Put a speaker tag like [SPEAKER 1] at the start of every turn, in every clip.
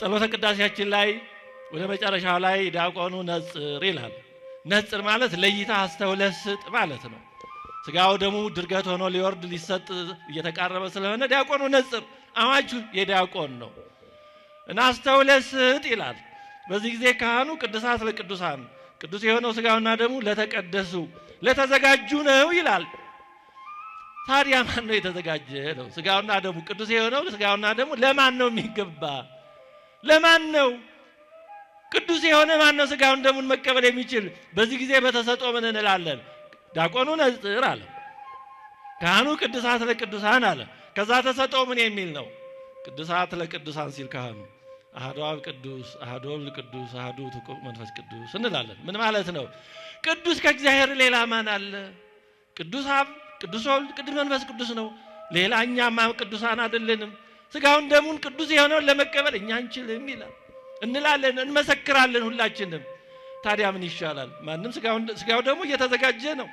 [SPEAKER 1] ጸሎተ ቅዳሴያችን ላይ ወደ መጨረሻው ላይ ዲያቆኑ ነጽር ይላል። ነጽር ማለት ለይታ አስተውለህ ስጥ ማለት ነው። ስጋው ደሙ ድርገት ሆኖ ሊወርድ ሊሰጥ እየተቃረበ ስለሆነ ዲያቆኑ ነጽር፣ አማቹ የዲያቆን ነው እና አስተውለህ ስጥ ይላል። በዚህ ጊዜ ካህኑ ቅዱሳት ለቅዱሳን ቅዱስ የሆነው ስጋውና ደሙ ለተቀደሱ ለተዘጋጁ ነው ይላል። ታዲያ ማን ነው የተዘጋጀ ነው? ስጋውና ደሙ ቅዱስ የሆነው ስጋውና ደሙ ለማን ነው የሚገባ? ለማን ነው? ቅዱስ የሆነ ማን ነው? ስጋውን ደሙን መቀበል የሚችል በዚህ ጊዜ በተሰጦ ምን እንላለን? ዳቆኑ ነጽር አለ፣ ካህኑ ቅዱሳት ለቅዱሳን አለ። ከዛ ተሰጦ ምን የሚል ነው? ቅዱሳት ለቅዱሳን ሲል ካህኑ አህዶ አብ ቅዱስ፣ አህዶ ወልድ ቅዱስ፣ አህዶ መንፈስ ቅዱስ እንላለን። ምን ማለት ነው? ቅዱስ ከእግዚአብሔር ሌላ ማን አለ? ቅዱስ አብ፣ ቅዱስ ወልድ፣ ቅዱስ መንፈስ ቅዱስ ነው። ሌላ እኛማ ቅዱሳን አይደለንም። ስጋውን ደሙን ቅዱስ የሆነውን ለመቀበል እኛ አንችልም ይላል። እንላለን፣ እንመሰክራለን ሁላችንም። ታዲያ ምን ይሻላል? ማንም ስጋው ደግሞ እየተዘጋጀ ነው፣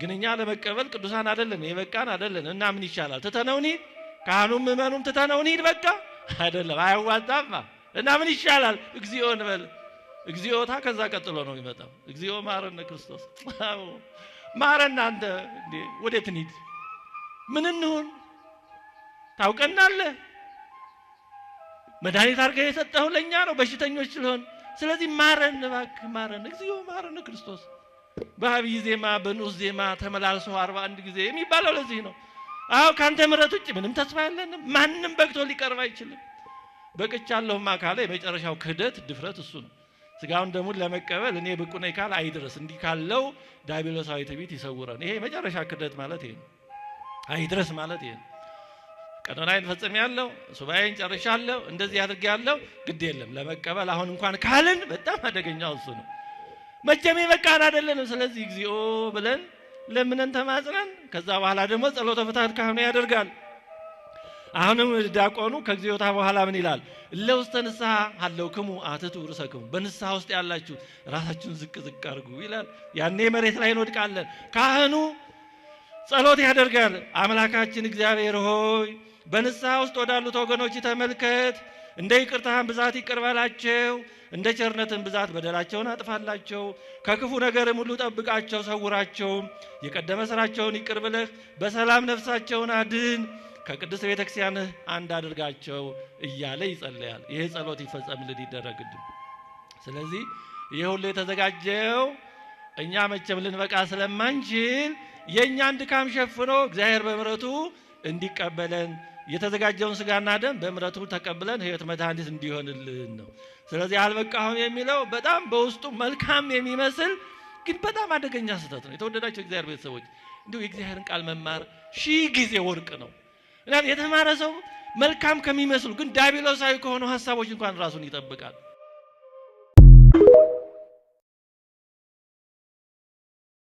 [SPEAKER 1] ግን እኛ ለመቀበል ቅዱሳን አደለን፣ የበቃን አደለን። እና ምን ይሻላል? ትተነውኒ ካህኑም ምእመኑም ትተነውኒ በቃ አይደለም፣ አያዋጣማ። እና ምን ይሻላል? እግዚኦ እንበል። እግዚኦታ ከዛ ቀጥሎ ነው የሚመጣው። እግዚኦ ማረነ ክርስቶስ ማረና አንተ ወዴት ንሂድ? ምን እንሁን? ታውቀናለህ። መድኃኒት አድርገህ የሰጠኸው ለእኛ ነው በሽተኞች ስለሆን። ስለዚህ ማረን እባክህ ማረን፣ እግዚኦ ማረን ክርስቶስ። በአብይ ዜማ በንዑስ ዜማ ተመላልሶ አርባ አንድ ጊዜ የሚባለው ለዚህ ነው። አዎ ከአንተ ምሕረት ውጭ ምንም ተስፋ የለንም። ማንም በግቶ ሊቀርብ አይችልም። በቅቻለሁማ ካለ የመጨረሻው ክህደት ድፍረት እሱ ነው። ስጋውን ደሙን ለመቀበል እኔ ብቁ ነኝ ካል አይድረስ። እንዲህ ካለው ዳቢሎሳዊ ትዕቢት ይሰውረን። ይሄ የመጨረሻ ክህደት ማለት ይሄ ነው። አይድረስ ማለት ይሄ ነው። ቀኖናይን ፈጽም ያለው ሱባኤን ጨርሻለሁ፣ እንደዚህ አድርግ ያለው ግድ የለም ለመቀበል አሁን እንኳን ካልን በጣም አደገኛው እሱ ነው። መቼም የበቃን አይደለንም። ስለዚህ እግዚኦ ብለን ለምነን ተማጽነን፣ ከዛ በኋላ ደግሞ ጸሎተ ፍትሐት ካህኑ ያደርጋል። አሁንም ዳቆኑ ከእግዚኦታ በኋላ ምን ይላል? ለውስተ ንስሐ አለው ክሙ አትቱ ርሰክሙ በንስሐ ውስጥ ያላችሁ ራሳችሁን ዝቅ ዝቅ አርጉ ይላል። ያኔ መሬት ላይ እንወድቃለን። ካህኑ ጸሎት ያደርጋል። አምላካችን እግዚአብሔር ሆይ በንስሐ ውስጥ ወዳሉት ወገኖች ተመልከት። እንደ ይቅርታህን ብዛት ይቅር በላቸው፣ እንደ ቸርነትን ብዛት በደላቸውን አጥፋላቸው፣ ከክፉ ነገርም ሁሉ ጠብቃቸው፣ ሰውራቸው። የቀደመ ስራቸውን ይቅር ብለህ በሰላም ነፍሳቸውን አድን፣ ከቅድስት ቤተ ክርስቲያንህ አንድ አድርጋቸው እያለ ይጸለያል። ይህ ጸሎት ይፈጸምልን ይደረግልን። ስለዚህ ይህ ሁሉ የተዘጋጀው እኛ መቼም ልንበቃ ስለማንችል የእኛን ድካም ሸፍኖ እግዚአብሔር በምረቱ እንዲቀበለን የተዘጋጀውን ስጋና ደም በምረቱ ተቀብለን ህይወት መድኃኒት እንዲሆንልን ነው። ስለዚህ አልበቃሁም የሚለው በጣም በውስጡ መልካም የሚመስል ግን በጣም አደገኛ ስህተት ነው። የተወደዳቸው እግዚአብሔር ቤተሰቦች እንዲሁ የእግዚአብሔርን ቃል መማር ሺህ ጊዜ ወርቅ ነው ምክንያቱም የተማረ ሰው መልካም ከሚመስሉ ግን ዳቢሎሳዊ ከሆኑ ሀሳቦች እንኳን ራሱን ይጠብቃል።